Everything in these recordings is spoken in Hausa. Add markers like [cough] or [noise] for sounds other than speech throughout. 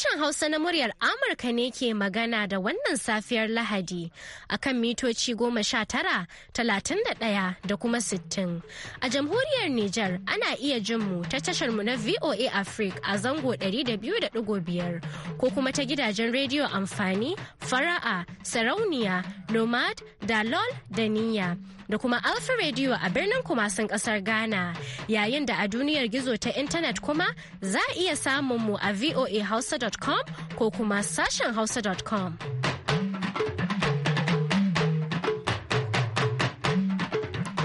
Sashen Hausa na muryar Amurka ne ke magana da wannan safiyar Lahadi a kan mitoci goma sha tara, talatin da ɗaya da kuma sittin. A jamhuriyar Nijar ana iya jin mu ta tashar mu na VOA Africa a zango ɗari da biyu da ɗigo biyar ko kuma ta gidajen rediyo amfani, fara'a, sarauniya, nomad, dalol da niyya. Da kuma Alfa Radio a birnin kumasin ƙasar Ghana yayin da a duniyar gizo ta intanet kuma za a iya samun mu a voa hausa.com ko kuma sashen hausa.com.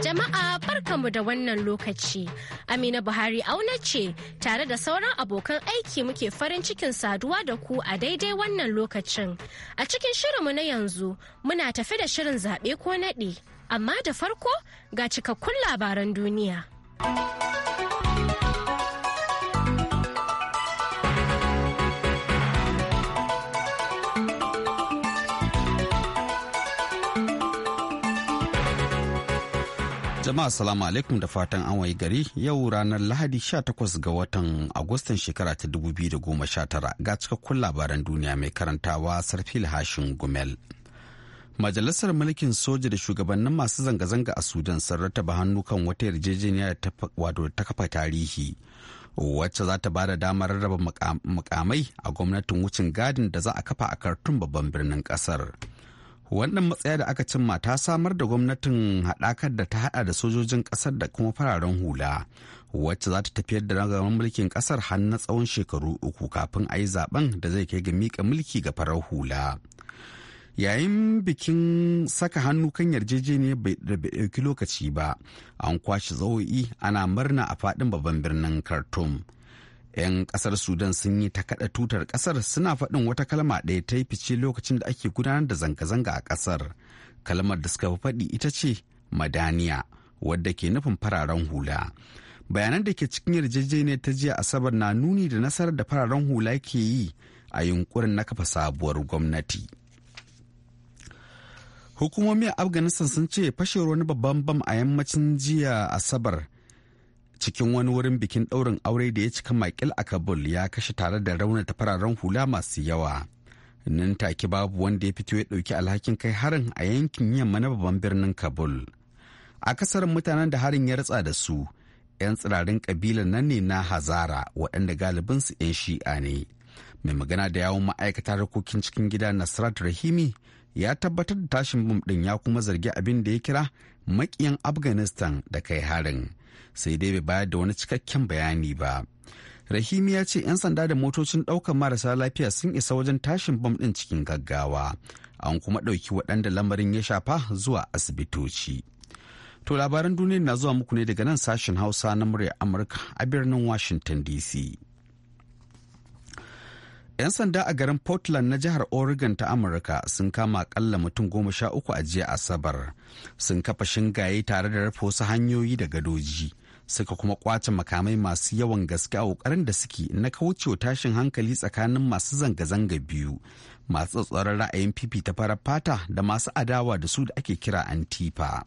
Jama'a barkamu da wannan lokaci. Amina Buhari auna ce tare da sauran abokan aiki muke farin cikin saduwa da ku a daidai wannan lokacin. A cikin shirinmu na yanzu muna tafi da shirin zaɓe ko naɗe amma da farko ga cikakkun labaran duniya. Jama'a salamu alaikum da fatan an wayi gari yau ranar Lahadi 18 ga watan Agustan shekara ta 2019 ga cikakkun labaran duniya mai karantawa Sarfil Hashin Gumel. Majalisar mulkin soja da shugabannin masu zanga-zanga a Sudan sun rataba hannu kan wata yarjejeniya wato ta kafa tarihi wacce za ta bada damar rarraba mukamai a gwamnatin wucin gadin da za a kafa a kartun babban birnin kasar. wannan matsaya da aka cimma ta samar da gwamnatin haɗakar da ta haɗa da sojojin ƙasar da kuma fararen hula wacce za ta tafiyar da ragamar mulkin ƙasar har na tsawon shekaru uku kafin a yi zaben da zai kai ga miƙa mulki ga farar hula yayin bikin saka hannu kan yarjejeniyar bai ɗauki lokaci ba an kwashe zawo'i ana murna a faɗin babban birnin khartoum 'yan kasar sudan sun yi ta kada tutar kasar suna faɗin wata kalma ɗaya ta yi fice lokacin da ake gudanar da zanga-zanga a kasar kalmar da suka fi faɗi ita ce madaniya wadda ke nufin fararen hula bayanan da ke cikin yarjejeniyar ta jiya asabar na nuni da nasarar da fararen hula ke yi a yunkurin na kafa sabuwar gwamnati hukumomi a afghanistan sun ce fashewar wani babban bam a yammacin jiya asabar cikin wani wurin bikin ɗaurin aure da ya cika Michael a kabul ya kashe tare da raunata fararen hula masu yawa nan take babu wanda ya fito ya ɗauki alhakin kai harin a yankin yamma na babban birnin kabul A kasar mutanen da harin ya ratsa da su 'yan tsirarin kabilar nan ne na hazara waɗanda galibinsu 'yan shi'a ne mai magana da yawon ma'aikatar harkokin cikin gida nasrat rahimi ya tabbatar da tashin bom ɗin ya kuma zargi abin da ya kira maƙiyan afghanistan da kai harin sai dai bai bayar da wani cikakken bayani ba rahimi ya ce 'yan sanda da motocin ɗaukar marasa lafiya sun isa wajen tashin bam ɗin cikin gaggawa an kuma ɗauki waɗanda lamarin ya shafa zuwa asibitoci to labaran duniya na zuwa muku ne daga nan sashen hausa na murya amurka a birnin washington dc 'Yan sanda a garin Portland na jihar Oregon ta Amurka sun kama akalla mutum goma sha uku a jiya Asabar. Sun kafa shingaye tare da rufe wasu hanyoyi da gadoji. Suka kuma kwace makamai masu yawan gaske a ƙoƙarin da suke na kaucewa tashin hankali tsakanin masu zanga-zanga biyu. Masu tsoron ra'ayin fifi ta farar fata da masu adawa da su da ake kira Antifa.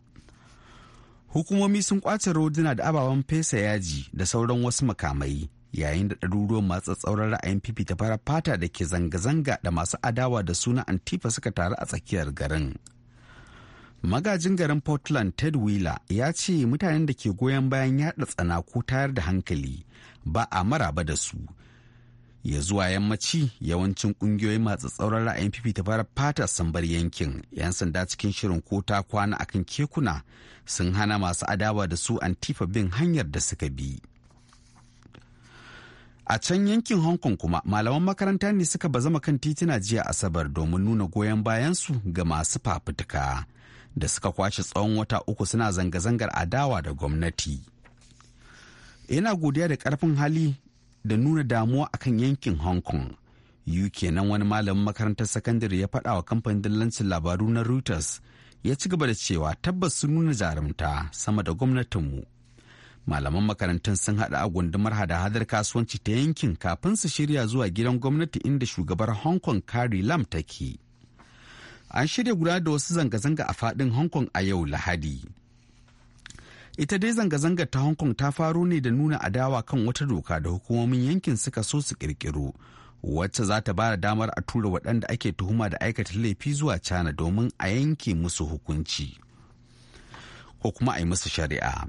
Hukumomi sun kwace roduna da ababen fesa yaji da sauran wasu makamai. yayin da ɗaruruwan masu tsauran ra'ayin fifita farar fata da ke zanga-zanga da masu adawa da suna antifa suka taru a tsakiyar garin magajin garin portland ted wheeler ya ce mutanen da ke goyon bayan yada tsana ko tayar da hankali ba a maraba da su ya zuwa yammaci yawancin kungiyoyin masu tsauran ra'ayin fifita farar fata sun bar yankin 'yan sanda cikin shirin ko ta kwana akan kekuna sun hana masu adawa da su antifa bin hanyar da suka bi A can yankin Hong Kong kuma malaman makaranta ne suka ba zama kan titina jiya Asabar domin nuna goyon bayansu ga masu fafutuka da suka kwashe tsawon wata uku suna zanga-zangar adawa da gwamnati. Yana godiya da karfin hali da nuna damuwa akan yankin Hong Kong. uk kenan wani malamin makarantar sakandare ya faɗa wa kamfanin dillancin labaru na Reuters ya ci gaba da cewa tabbas sun nuna jarumta sama da gwamnatinmu malaman makarantun sun haɗa a gundumar hada-hadar kasuwanci ta yankin kafin su shirya zuwa gidan gwamnati inda shugabar hong kong carrie lam take an shirya guda da wasu zanga-zanga a faɗin hong kong a yau lahadi ita dai zanga-zangar ta hong kong ta faro ne da nuna adawa kan wata doka da hukumomin yankin suka so su kirkiro wacce za ta bada damar a tura waɗanda ake tuhuma da aikata laifi zuwa cana domin a yanke musu hukunci ko kuma a yi musu shari'a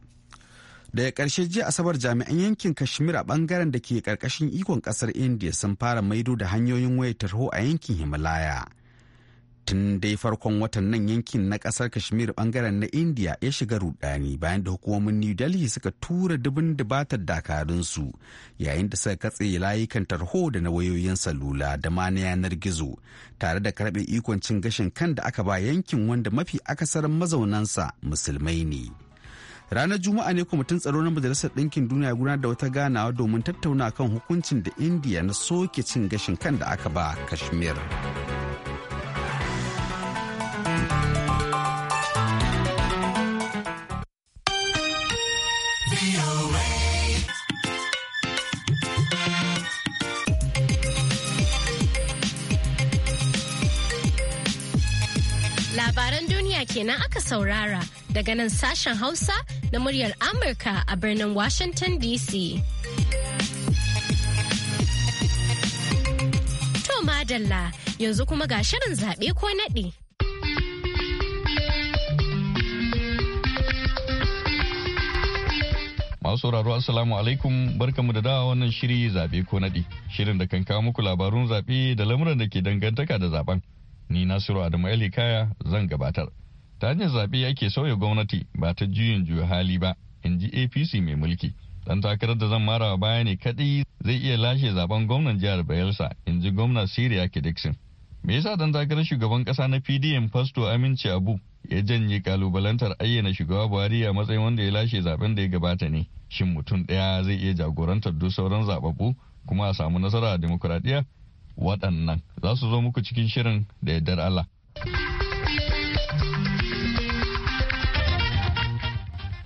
daga ƙarshe jiya asabar jami'an yankin kashmir a bangaren da ke ƙarƙashin ikon ƙasar india sun fara maido da hanyoyin wayar tarho a yankin himalaya tun dai farkon watan nan yankin na ƙasar kashmir bangaren na india ya shiga rudani bayan da hukumomin new delhi suka tura dubin dubatar dakarunsu yayin da suka katse layukan tarho da na wayoyin salula da ma na yanar gizo tare da karɓe ikon cin gashin kan da aka ba yankin wanda mafi akasarin mazaunansa musulmai ne. ranar juma'a ne kwamitin tsaro na majalisar ɗinkin duniya gudanar da wata ganawa domin tattauna kan hukuncin da indiya na soke cin gashin kan da aka ba kashmir duniya kenan aka saurara daga nan sashen Hausa na muryar Amurka a birnin Washington DC. To madalla yanzu kuma ga shirin zaɓe ko naɗi. masu sauraro asalamu alaikum barkamu da dawa wannan shiri zaɓe ko naɗi shirin da kan kawo muku labarun zaɓe da lamuran da ke dangantaka da zaɓen ni nasiru adamu elikaya kaya zan gabatar ta hanyar zaɓe ake sauya gwamnati ba ta juyin juya hali ba in ji apc mai mulki dan takarar da zan marawa baya ne kaɗai zai iya lashe zaben gwamnan jihar bayelsa in ji gwamna siriya kidixin me yasa dan takarar shugaban ƙasa na pdm pasto aminci abu ya janye kalubalantar ayyana shugaba buhari a matsayin wanda ya lashe zaben da ya gabata ne shin mutum ɗaya zai iya jagorantar duk sauran zababbu kuma a samu nasara a demokuraɗiyya waɗannan za su zo muku cikin shirin da yardar allah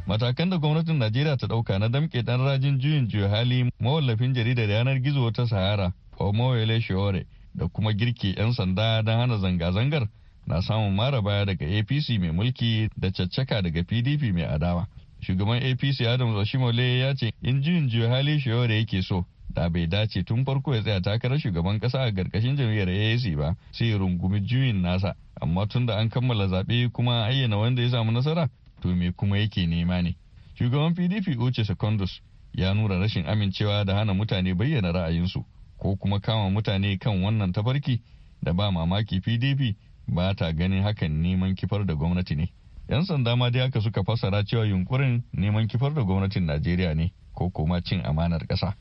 matakan da gwamnatin najeriya ta dauka na damke dan rajin juyin juya hali mawallafin jaridar yanar gizo ta sahara omoyele shiore da kuma girke 'yan sanda don hana zanga-zangar na samun mara baya daga apc mai mulki da caccaka daga pdp mai adawa shugaban apc adam oshimole ya ce in juyin juya hali shiore yake so da bai dace tun farko ya tsaya takarar shugaban kasa a karkashin jam'iyyar AAC ba sai ya rungumi juyin nasa amma tun da an kammala zaɓe kuma ayyana wanda ya samu nasara to me kuma yake nema ne shugaban pdp oce secondus ya nura rashin amincewa da hana mutane bayyana ra'ayinsu ko kuma kama mutane kan wannan tafarki da ba mamaki pdp ba ta ganin hakan neman kifar da gwamnati ne yan sanda ma dai haka suka fassara cewa yunkurin neman kifar da gwamnatin najeriya ne ko kuma cin amanar ƙasa.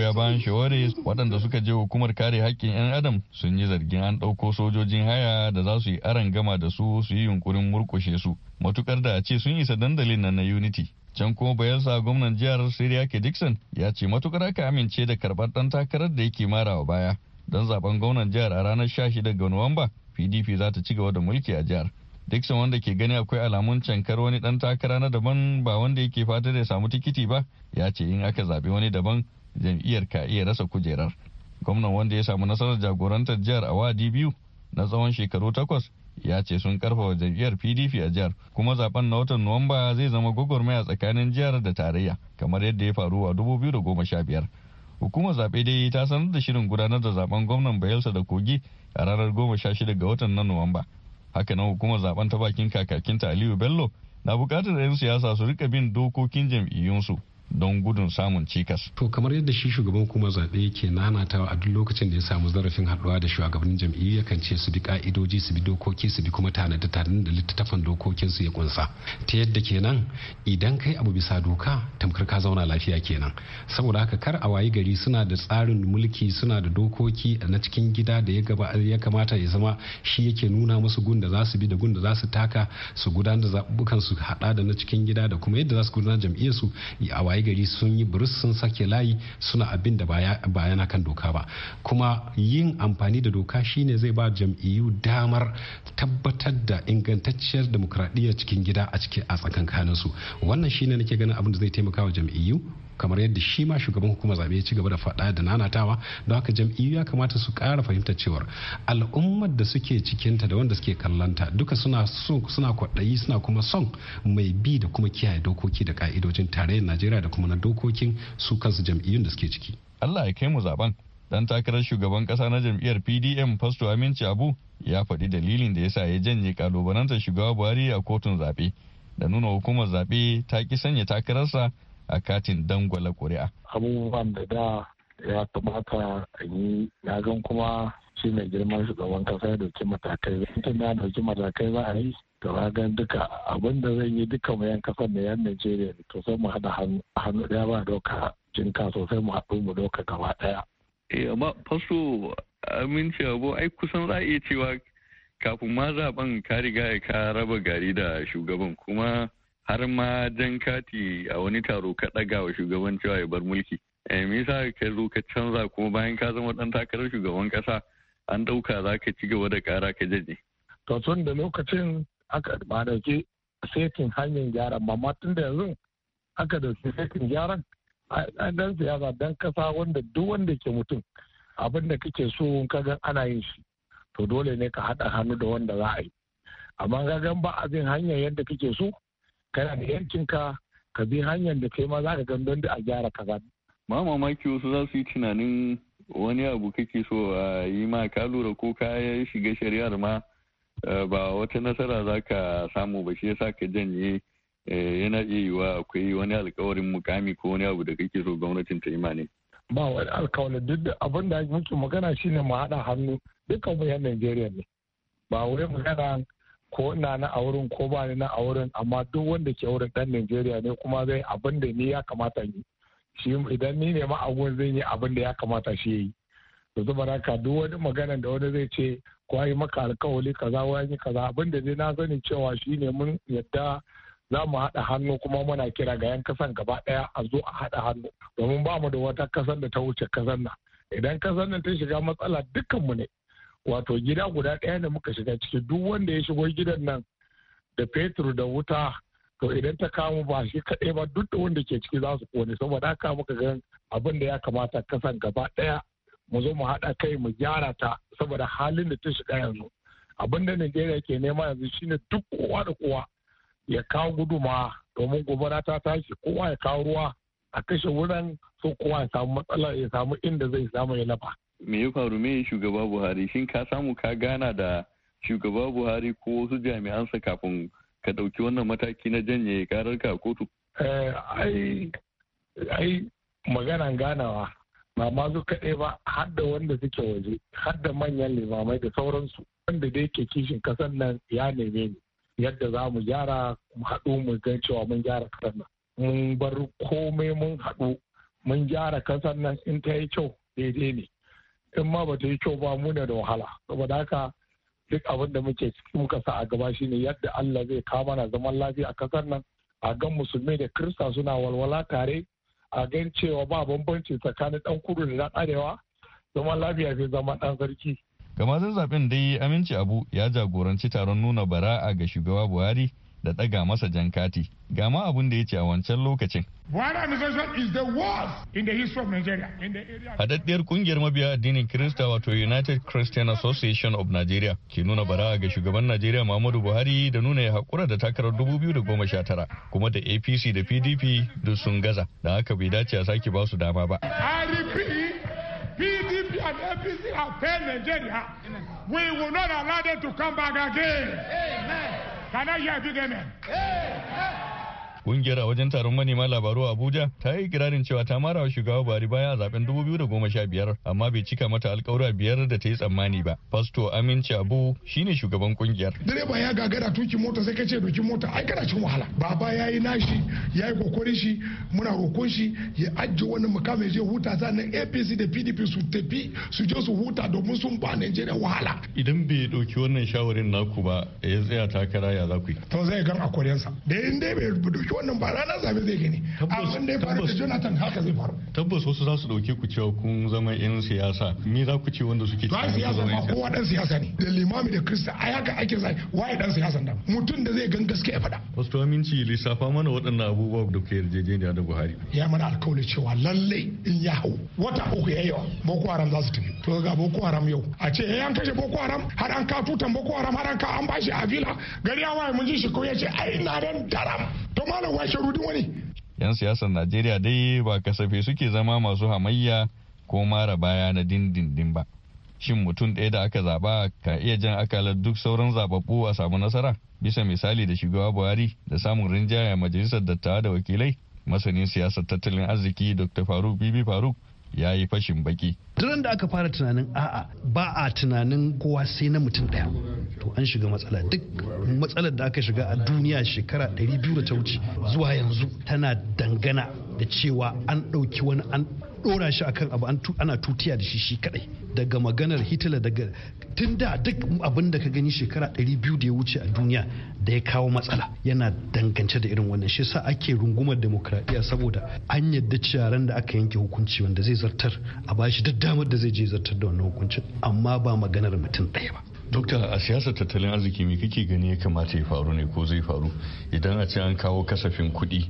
ya bayan Shaware waɗanda suka je hukumar kare haƙƙin 'yan Adam sun yi zargin an ɗauko sojojin haya da za su yi aron gama da su su yi yunkurin murƙushe su. Matukar da a ce sun isa dandalin nan na Unity. Can kuma bayansa gwamnan jihar Siriyake Dixon ya ce matukar aka amince da karɓar ɗan takarar da yake marawa baya. Don zaben gwamnan jihar a ranar 16 ga Nuwamba pdp za ta ci gaba da mulki a jihar duk dixon wanda ke gani akwai alamun cankar wani dan takara na daban ba wanda yake fata da ya samu tikiti ba ya ce in aka zaɓi wani daban jam'iyyar ka iya rasa kujerar gwamnan wanda ya samu nasarar jagorantar jihar a wadi biyu na tsawon shekaru takwas ya ce sun karfafa jam'iyyar pdp a jihar kuma zaben na watan nuwamba zai zama gwagwarmaya tsakanin jihar da tarayya kamar yadda ya faru a biyar. Hukumar zaɓe dai ta sanar da shirin gudanar da zaben gwamnan Bayelsa da Kogi a ranar goma sha shida ga watan na Nuwamba. haka nan hukumar zaben ta bakin kakakinta Aliyu Bello na bukatar 'yan siyasa su rika bin dokokin jam'iyyunsu don gudun samun cikas. To kamar yadda shi shugaban kuma zaɓe yake nanatawa a duk lokacin da ya samu zarafin haɗuwa da shugabannin jam'iyyu kan ce su bi ka'idoji su bi dokoki su bi kuma tanadi tanadin da littattafan dokokin su ya kunsa. Ta yadda kenan idan kai abu bisa doka tamkar ka zauna lafiya kenan. Saboda haka kar a wayi gari suna da tsarin mulki suna da dokoki na cikin gida da ya gaba kamata ya zama shi yake nuna musu gun da za su bi da gun da za su taka su gudanar da zaɓuɓɓukan su haɗa da na cikin gida da kuma yadda za su gudanar jam'iyyar su a wayi gari sun yi burus sun sake layi suna abin da ba yana kan doka ba kuma yin amfani da doka shine zai ba jam'iyyu damar tabbatar da ingantacciyar demokradiyya cikin gida a cikin a tsakankanin su wannan shine nake ganin abin da zai taimaka wa jam'iyyu kamar yadda shi ma shugaban hukumar zabe ya ci gaba da faɗa da nanatawa don haka jam'iyyu ya kamata su ƙara fahimtar cewar al'ummar da suke cikinta da wanda suke kallonta duka suna suna kwaɗayi suna kuma son mai bi da kuma kiyaye dokoki da ka'idojin tarayyar najeriya da kuma na dokokin su kansu jam'iyyun da suke ciki allah ya kai mu zaben dan takarar shugaban kasa na jam'iyyar pdm fasto aminci abu ya faɗi dalilin da yasa ya janye kalubalantar shugaba buhari a kotun zaɓe da nuna hukumar zaɓe ta ki sanya takararsa a katin dangwala ƙuri'a. abubuwan da da ya kamata a yi na gan kuma shi mai girman shugaban kasa ya dauki matakai mutum ya dauki matakai za a yi to gan duka abin da zai yi duka 'yan kasar da yan najeriya to sai mu haɗa hannu ɗaya ba doka jinka sosai mu haɗu mu doka gaba ɗaya. eh amma faso aminci abu ai kusan za a iya cewa kafin ma zaben ka riga ka raba gari da shugaban kuma har ma jan kati a wani taro ka ɗaga wa shugaban cewa ya bar mulki eh, me yasa ka zo ka canza kuma bayan ka zama dan takarar shugaban kasa an ɗauka za ka ci gaba da kara ka jaje to tun da lokacin aka ba da ke setin hanyar gyaran amma tun da yanzu aka dauki setin gyaran an dan siyasa dan kasa wanda duk wanda ke mutum abin da kake so ka ga ana yin shi to dole ne ka haɗa hannu da wanda za a yi amma ga ba a bin hanyar yadda kake so kana da yankinka ka bi hanyar da kai ma za ka gan don da a gyara gani. ma mamaki wasu za su yi tunanin wani abu kake so a yi ma ka lura ko ka shiga shari'ar ma eh, ba wata nasara za ka samu ba shi yasa ka janye eh, yana iya yiwa akwai wani alkawarin mukami ko wani abu da kake so gwamnatin ta yi ma ne. ba wani alkawarin duk da abin da muke magana shine mu haɗa hannu dukkan mu yan Najeriya ne ba wai magana ko ina na a ko ba ni na a amma duk wanda ke wurin dan Najeriya ne kuma zai abin da ni ya kamata yi shi idan ni ne ma zai yi abin da ya kamata shi yi to zuba raka duk wani magana da wani zai ce ko ai maka alkawali kaza wa yi kaza abin da zai na sani cewa shi ne mun yadda za mu haɗa hannu kuma muna kira ga yan kasan gaba ɗaya a zo a haɗa hannu domin ba mu da wata kasan da ta wuce kasan na idan kasan nan ta shiga matsala dukkanmu ne wato gida guda ɗaya da muka shiga ciki duk wanda ya shigo gidan nan da fetur da wuta to idan ta kama ba shi kaɗai ba duk da wanda ke ciki za su kone saboda haka muka gan abin da ya kamata kasan gaba ɗaya mu zo mu haɗa kai mu gyara ta saboda halin da ta shiga yanzu abin da Najeriya ke nema yanzu shine duk kowa da kowa ya kawo guduma domin gobara ta tashi kowa ya kawo ruwa a kashe wurin so kowa ya samu matsala ya samu inda zai samu ya laba. me ya faru me shugaba buhari shin ka samu ka gana da shugaba buhari ko wasu jami'ansa kafin ka ɗauki wannan mataki na janye karar ka kotu eh, ai maganan ganawa ba ma zo kaɗai ba har da wanda suke waje har manyan limamai da sauransu wanda da yake kishin kasar nan ya neme ni yadda za mu gyara mu haɗu mu gan cewa mun gyara kasar nan mun bar komai mun haɗu mun gyara kasar nan in ta yi kyau daidai ne in ma ba ta yi kyau ba mu ne da wahala saboda haka duk abin da muke muka sa a gaba shine yadda Allah zai kawo mana zaman lafiya a kasar nan a gan musulmi da kirista suna walwala tare a gan cewa ba bambanci tsakanin dan kudu da dan arewa zaman lafiya zai zama dan sarki. Gama zaben dai aminci abu ya jagoranci taron nuna bara'a ga shugaba Buhari da ɗaga masa jankati ga ma abin da ya ce a wancan lokacin. Haɗaɗɗiyar ƙungiyar mabiya addinin Kirista wato United Christian Association of Nigeria ke nuna bara ga shugaban Najeriya Muhammadu Buhari da nuna ya haƙura da takarar 2019 kuma da APC da PDP duk sun gaza da haka bai dace a sake ba su dama ba. PDP and APC have failed Nigeria. We will not allow them to come back again. Sana yargı demem. Hey, hey. Kungiyar a wajen taron manema labaru a Abuja ta yi kirarin cewa ta mara wa shugaba Buhari baya a zaben 2015 amma bai cika mata alkawura biyar da ta yi tsammani ba. Fasto Aminci Abu shine shugaban kungiyar. Direba ya gagara tuki mota sai kace doki mota ai kana cin wahala. Baba ya yi nashi ya yi kokarin shi muna roƙon shi ya ajiye wani mukami je huta sannan APC da PDP su tafi su je su huta domin sun ba Najeriya wahala. Idan bai ɗauki wannan shawarin naku ba ya tsaya takara ya za ku To zai gan a Da in dai bai wannan ba rana zabe zai gani abin da ya faru da jonathan haka zai faru tabbas wasu za su dauke ku cewa kun zama yan siyasa me za ku ce wanda suke ta siyasa ba kowa dan siyasa ne da limami da krista a haka ake zai waye dan siyasa da mutum da zai gan gaske ya faɗa wasu aminci lissafa mana waɗannan abubuwa da kuke yarjejeniya da buhari ya mana alkawali cewa lallai in ya hau wata uku ya yawa boko haram za su tafi to ga boko haram yau a ce ya eh, an kashe boko haram har an ka tutan boko haram har an ka an bashi a fila gari ya waye mun ji shi ko ya ce ai na ran daram to malam washe rudin wani yan siyasar najeriya dai ba kasafe suke zama masu hamayya ko mara baya na dindindin ba shin mutum ɗaya da aka zaba ka iya jan akalar duk sauran zababbu a samu nasara bisa misali da shugaba buhari da samun rinjaya majalisar dattawa da wakilai masanin siyasar tattalin arziki dr faruk bibi faruk ya yi fashin baki. Duran da aka fara tunanin a'a ba a tunanin kowa sai na mutum daya To an shiga matsala duk matsalar da aka shiga a duniya shekara 200 da ta wuce zuwa yanzu tana dangana da cewa an ɗauki wani an dora shi akan abu ana tutiya da shi shi kadai daga maganar hitler daga tun da duk abin da ka gani shekara 200 da ya wuce a duniya da ya kawo matsala yana dangance da irin wannan shi sa ake rungumar demokradiyya saboda an yadda ciyaran da aka yanke hukunci wanda zai zartar a bashi da damar da zai je zartar da wannan hukuncin amma ba maganar mutum ɗaya ba dokta a siyasar tattalin arziki me kake gani ya kamata ya faru ne ko zai faru idan a ce an kawo kasafin kuɗi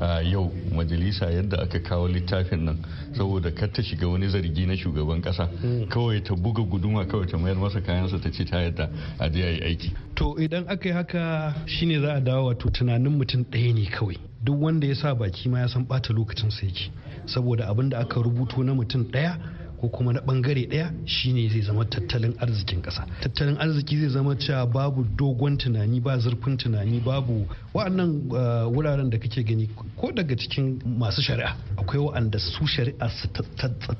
a yau majalisa yadda aka kawo littafin nan saboda kar ta shiga wani zargi na shugaban kasa hmm. kawai ta buga guduma kawai ta mayar masa kayansa ta ce ta yadda a je yi aiki to idan aka yi haka shine za a dawo wato tunanin mutum ɗaya ne kawai duk wanda ya sa baki ma ya san ɓata lokacin sa yake saboda abin da aka rubuto na mutum ɗaya ko kuma na bangare daya shine zai zama tattalin arzikin kasa tattalin arziki zai zama cewa babu dogon tunani ba zurfin tunani babu wa'annan eh, wuraren da kake gani ko daga cikin masu shari'a akwai wa'anda su shari'a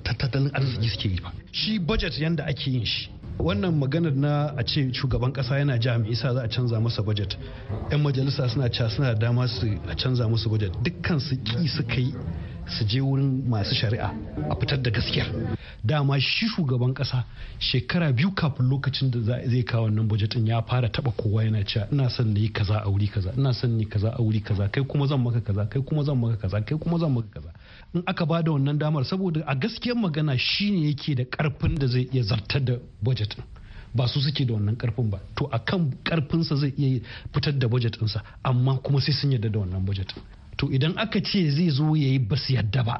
tattalin arziki suke yi ba shi budget yanda ake yin shi wannan maganar na a ce shugaban kasa yana jami'i sa za a canza masa budget yan majalisa suna cewa suna dama su a canza musu budget dukkan su ki suka yi su je wurin masu shari'a a fitar da gaskiya. dama shi shugaban kasa shekara biyu kafin lokacin da zai kawo wannan bajetin ya fara taba kowa yana cewa ina son na yi kaza a wuri kaza ina son ni kaza a wuri kaza kai kuma zan maka kaza kai kuma zan maka kaza kai kuma zan maka kaza in aka ba da wannan damar saboda a gaskiyar magana shine yake da karfin da zai iya zartar da bajetin ba su suke da wannan karfin ba to akan karfinsa zai iya fitar da bajetinsa amma kuma sai sun yarda da wannan bajetin to idan aka ce zai zo ya yi basu yadda ba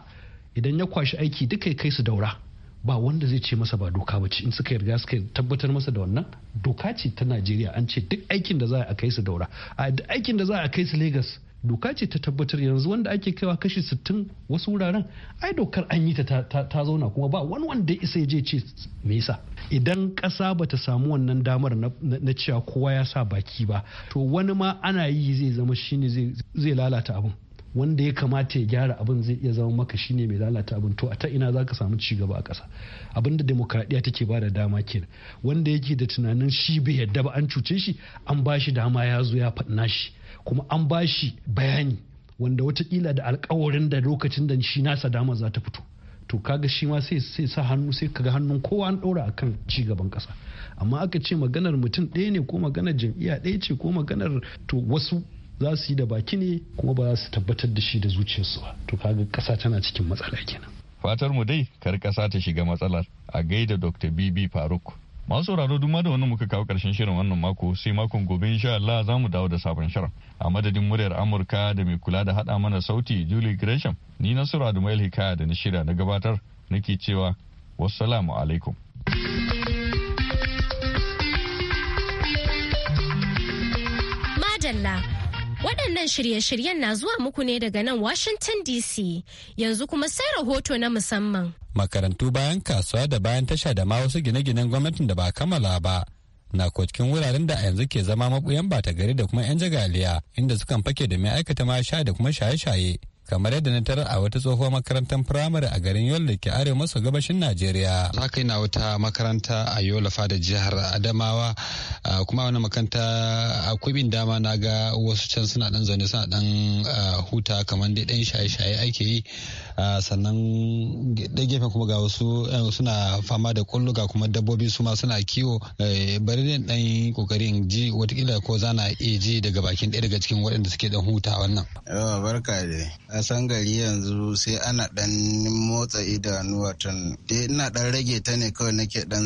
idan ya kwashi aiki duka ya kai su daura ba wanda zai ce masa ba doka ba ce in suka yarda suka tabbatar masa da wannan doka ce ta najeriya an ce duk aikin da za a kai su daura a duk aikin da za a kai su lagos doka ce ta tabbatar yanzu wanda ake kaiwa kashi 60 wasu wuraren ai dokar an yi ta ta zauna kuma ba wani wanda isa ya je ce me yasa idan kasa ba ta samu wannan damar na cewa kowa ya sa baki ba to wani ma ana yi zai zama shine zai lalata abin wanda ya kamata ya gyara abin zai iya zama maka shine mai lalata abin to a ta ina za ka samu ci gaba a ƙasa abin da demokradiyya take ba da dama kenan wanda yake da tunanin shi bai yadda ba an cuce shi an bashi dama ya zo ya na shi kuma an ba shi bayani wanda watakila da alkawarin da lokacin da shi nasa dama za ta fito to kaga shi ma sai sai sa hannu sai kaga hannun kowa an ɗora akan ci gaban ƙasa amma aka ce maganar mutum ɗaya ne ko maganar jam'iyya ɗaya ce ko maganar to wasu za su yi da baki ne kuma ba za su tabbatar da shi da zuciyarsu ba to kaga kasa tana cikin matsala kenan fatar mu dai kar kasa ta shiga matsalar a gaida dr bb faruk masu sauraro duk da wannan muka kawo karshen shirin wannan mako sai makon gobe insha Allah za mu dawo da sabon shirin a madadin muryar Amurka da mai kula da hada mana sauti Julie Gresham ni da mail Hikaya da na shirya na gabatar nake cewa wassalamu alaikum madalla Waɗannan shirye-shiryen na zuwa muku ne daga nan Washington DC yanzu kuma sai rahoto na musamman. Makarantu bayan kasuwa da bayan tasha da ma wasu gine-ginen gwamnatin da ba kammala ba. na cikin wuraren da a yanzu ke zama mabuyan bata gari da kuma 'yan jagaliya inda sukan fake da mai aikata ma sha da kuma shaye-shaye kamar yadda na tarar a wata tsohuwar makarantar firamare a garin Yola da ke arewa maso gabashin Najeriya. Za ka yi na wata makaranta a Yola fada jihar Adamawa kuma wani makaranta a kubin dama na ga wasu can suna dan zaune suna dan huta kamar dai dan shaye-shaye ake yi sannan da gefe kuma ga wasu suna fama da kulluga kuma dabbobi su ma suna kiwo bari ne dan kokarin ji watakila ko zana iya ji daga bakin ɗaya daga cikin waɗanda suke dan huta wannan. Yawa barka kasan gari yanzu sai ana dan motsa idanu watan dai ina dan rage ta ne kawai nake dan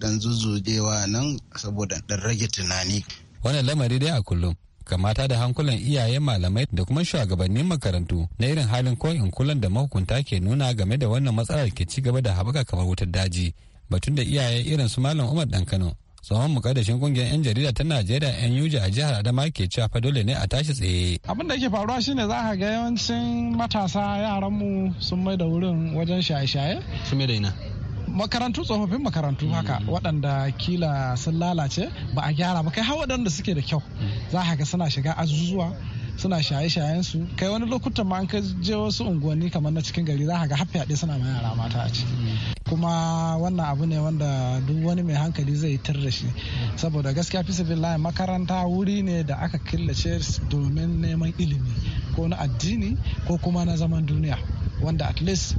dan zuzujewa nan saboda dan rage tunani wannan lamari dai a kullum kamata da hankulan iyaye malamai da kuma shugabannin makarantu na irin halin ko in kulan da mahukunta ke nuna game da wannan matsalar ke ci gaba da haɓaka kamar wutar daji batun da iyaye irin su malam umar dan kano tsohon mukaddashin kungiyar 'yan jarida ta najeriya yan yuji a jihar adama ke cewa fa dole ne a tashi tsaye abin da ke faruwa shine za ka ga yawancin matasa mu sun mai da wurin wajen shaye-shaye sun mai da ina makarantu tsofaffin makarantu haka mm. waɗanda kila sun lalace ba a gyara ba kai har waɗanda suke da kyau mm. za ka ga suna shiga azuzuwa suna shaye-shayen su kai wani lokutan ma an ka je wasu unguwanni kamar na cikin gari za ka ga haɗe suna ma yara mata a ciki kuma wannan abu ne wanda duk wani mai hankali zai tar da shi saboda gaskiya fi layin makaranta wuri ne da aka killace domin neman ilimi ko na addini ko kuma na zaman duniya wanda at least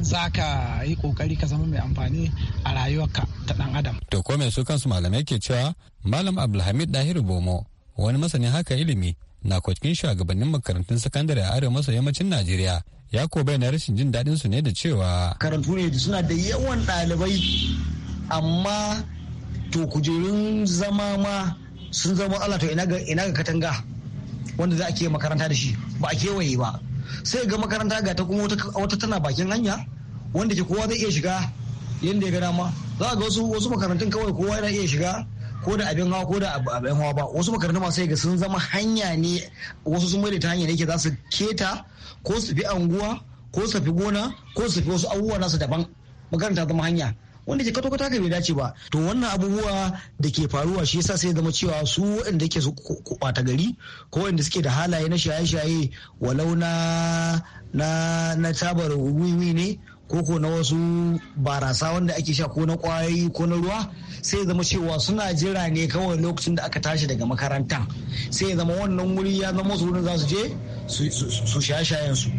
za ka yi kokari ka zama mai amfani a rayuwarka ta dan adam. To ko mai su kansu malamai ke cewa Malam Abdulhamid Dahiru Bomo wani masanin haka ilimi na kwatkin shugabannin makarantun sakandare a arewa maso yammacin najeriya ya ko bayyana rashin jin daɗin su ne da cewa makarantu ne da suna da yawan ɗalibai amma to kujerun zama ma sun zama Allah to ina ga katanga wanda za a ke makaranta da shi ba a kewaye ba sai ga makaranta ga ta kuma wata tana bakin hanya wanda ke kowa zai iya shiga yadda ya ga dama za a ga wasu makarantun kawai kowa yana iya shiga ko da abin hawa ko da abin hawa ba wasu makarantu masu ga sun zama hanya ne wasu sun maida ta hanya ne ke za su keta ko su fi anguwa ko su fi gona ko su fi wasu abubuwa nasu daban makaranta zama hanya wanda ke kato kata bai dace ba to wannan abubuwa da ke faruwa shi yasa sai zama cewa su waɗanda ke su bata gari ko waɗanda suke da halaye na shaye-shaye walau na na tabar wiwi ne Ko ko na wasu barasa wanda ake sha ko na kwayoyi ko na ruwa sai zama cewa suna jira ne kawai lokacin da aka tashi daga makarantan sai zama wannan wuri ya zama su wurin za su je su shayen su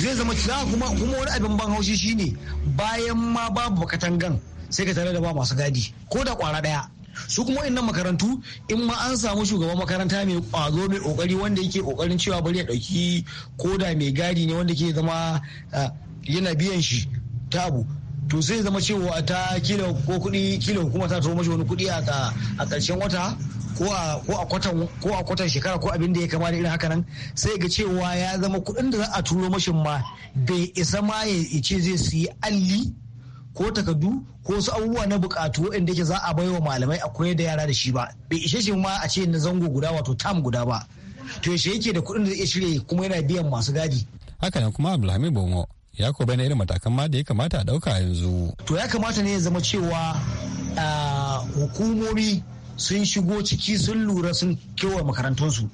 zai zama cewa kuma kuma wani abin ban haushi shine bayan ma babu katangan sai ka tare da ba masu gadi ko da kwara daya su kuma wa'annan makarantu in ma an samu shugaban makaranta mai kwazo mai kokari wanda yake kokarin cewa bari ya dauki koda mai gadi ne wanda ke zama eh, yana biyan shi ta abu to sai zama cewa ta kila ko kuɗi kila hukuma ta turo mashi wani kuɗi a ƙarshen wata ko a kwatan shekara ko abin da ya kama da irin haka nan sai ga cewa ya zama kuɗin da za a turo mashi ma bai isa ma ya ce zai siyi alli ko takardu ko su abubuwa na bukatu waɗanda yake za a bai wa malamai a koyar da yara da shi ba bai ishe shi ma a ce na zango guda wato tam guda ba to yake da kuɗin da zai shirya kuma yana biyan masu gadi haka nan kuma abdulhamid bomo ya ko bayyana irin matakan ma da ya kamata a ɗauka yanzu. To ya kamata ne ya zama cewa hukumomi sun shigo ciki sun lura sun kewa makarantunsu.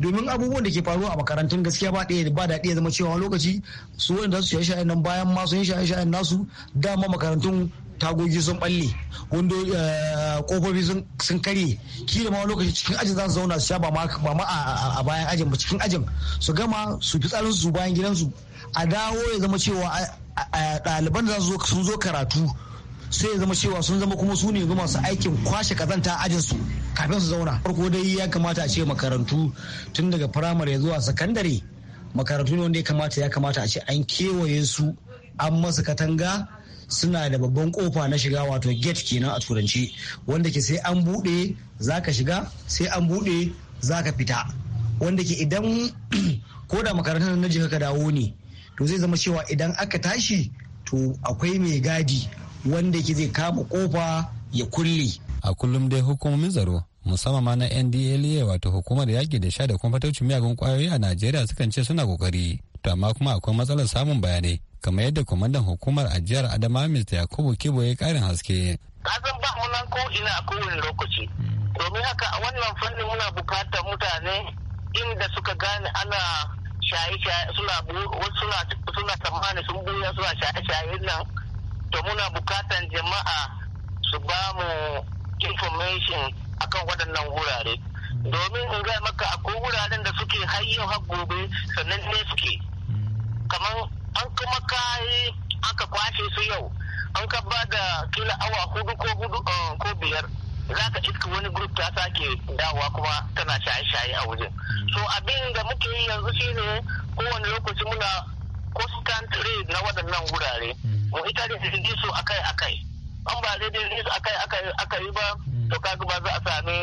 domin abubuwan da ke faruwa a makarantun gaskiya ba da ba daɗi ya zama cewa lokaci su wanda su shaye shayen nan bayan ma sun shaye shayen nasu dama makarantun tagogi sun balle wando eh, kofofi sun kare kila ma lokaci cikin ajin za su zauna su sha ba ma a bayan ajin ba cikin ajin su gama su fi tsarin su bayan gidansu a dawo ya zama cewa ɗaliban da sun zo karatu sai ya zama cewa sun zama kuma su ne yanzu masu aikin kwashe kazanta ajin su kafin su zauna farko dai ya kamata a ce makarantu tun daga firamare zuwa sakandare makarantu ne wanda ya kamata ya kamata a ce an kewaye su an masa katanga suna da babban kofa na shiga wato gate kenan a turanci wanda ke sai an bude za ka shiga sai an bude za ka fita wanda ke idan [clears throat] ko da makarantar na jika ka dawo ne to zai zama cewa idan aka tashi to akwai mai gadi wanda ke zai kama kofa ya kulle a kullum dai hukumomin tsaro musamman ma na ndla wato hukumar yaki da sha da kuma fataucin miyagun kwayoyi a najeriya sukan ce suna kokari to amma kuma akwai matsalar samun bayanai kamar yadda kwamandan hukumar a jihar adama mr yakubu kibo ya karin haske kasan ba mu nan ko ina a kowane lokaci hmm. domin haka a wannan fannin muna bukatar mutane inda suka gane ana shaye-shaye suna suna tsammani sun buya suna shaye-shaye nan to muna bukatar jama'a su ba mu information akan waɗannan wurare hmm. domin in ga maka akwai wuraren da suke hayyan har gobe sannan ne suke hmm. kamar aka kwashe su yau an ka ba da kila awa hudu ko hudu eh, ko biyar za ka iska wani grup ta sake dawa kuma tana shaye-shaye a wajen so abin da muke yi yanzu shine kowane lokaci muna constant raid na waɗannan wurare mm. mu ita da su akai-akai an ba daidai su akai-akai aka yi ba mm. to kaga ba za a sami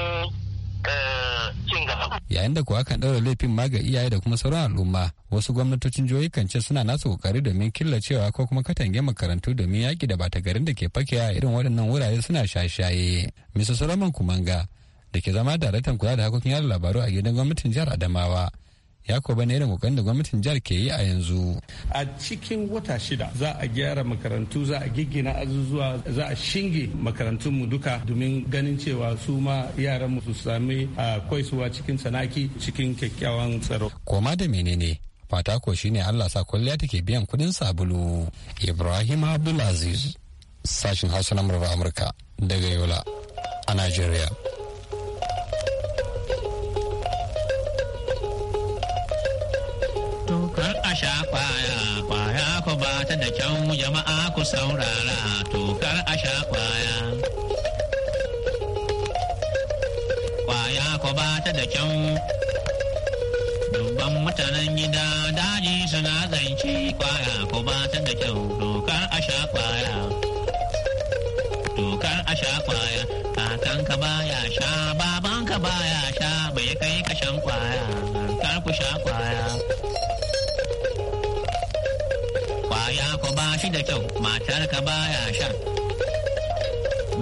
cin gaba. Yayin da kuwa kan ɗaura laifin ma ga iyaye da kuma sauran al'umma, wasu gwamnatocin jihohi kan ce suna nasu kokari domin killacewa ko kuma katange makarantu domin yaƙi da bata garin da ke fakewa irin waɗannan wurare suna shashaye. Mr. Solomon Kumanga da ke zama daraktan kula da hakokin yada labaru a gidan gwamnatin jihar Adamawa ya ko bane irin kokarin da gwamnatin jihar ke yi a yanzu a cikin wata shida za a gyara makarantu za a giggina azuzuwa za a shinge makarantun mu duka domin ganin cewa su ma yaran mu su sami kwaisuwa cikin sanaki cikin kyakkyawan tsaro koma da menene fata ko shine Allah sa kwalliya take biyan kudin sabulu Ibrahim Abdulaziz sashin Hausa na Amurka daga Yola a nigeria. kar a sha kwaya kwaya ko ba ta da kyau jama'a ku saurara to kar a sha kwaya kwaya ko ba ta da kyau dubban mutanen gida daji suna zance kwaya ko ba ta da kyau dokar a sha kwaya dokar a sha kwaya kakanka baya sha baban babanka baya sha shi da kyau matar ka baya sha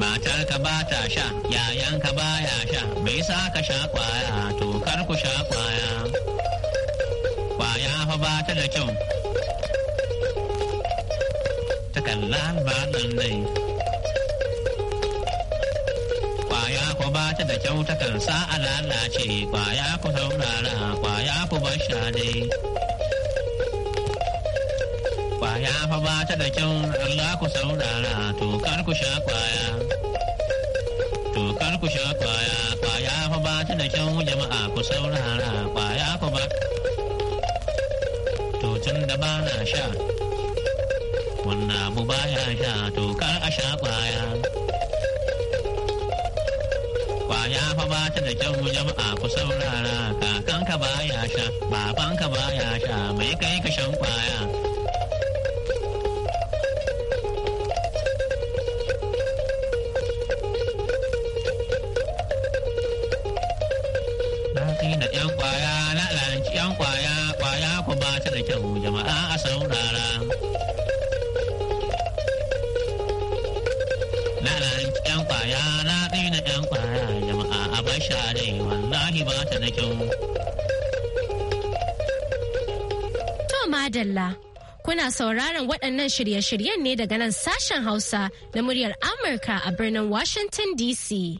matar ka ba ta sha yayan ka baya sha me yasa ka sha kwaya to kar ku sha kwaya kwaya fa ba ta da kyau ta kalla ba nan dai kwaya ku ba ta da kyau ta kan sa a lalace kwaya ku saurara kwaya ku bar sha dai kwaya fa ba ta da kyau Allah ku saurara to kar ku sha kwaya. To kar ku sha kwaya kwaya fa ba ta da kyau jama'a ku saurara kwaya ku ba. To tun da ba na sha wannan abu ba ya sha to kar a sha kwaya. Kwaya fa ba ta da kyau jama'a ku saurara kakanka ba ya sha babanka ba ya sha mai kai ka shan kwaya. ta da kyau jama'a a saurara. Lala yan kwaya na daina yan kwaya jama'a a basha dai wallahi ba ta da kyau. To madalla. Kuna sauraron waɗannan shirye-shiryen ne daga nan sashen Hausa na muryar Amurka a birnin Washington DC.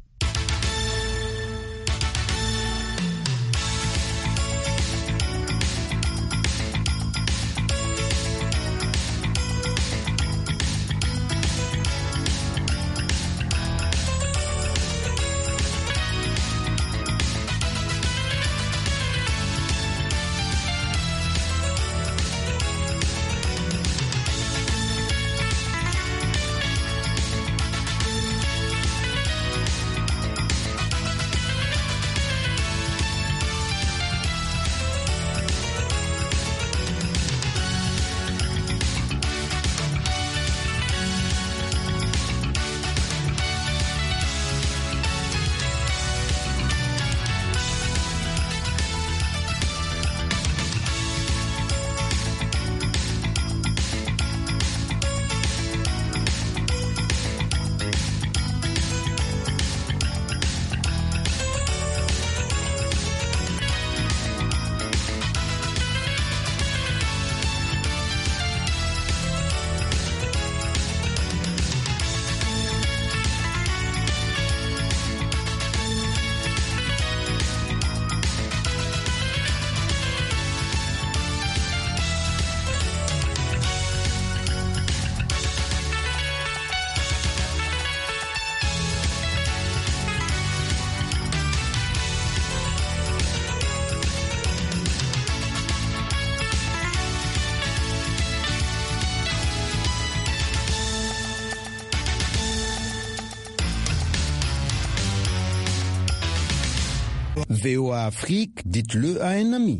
VOA Afrique, dites-le à un ami.